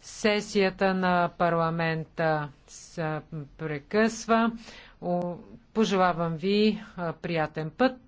Сесията на парламента се прекъсва. Пожелавам ви приятен път.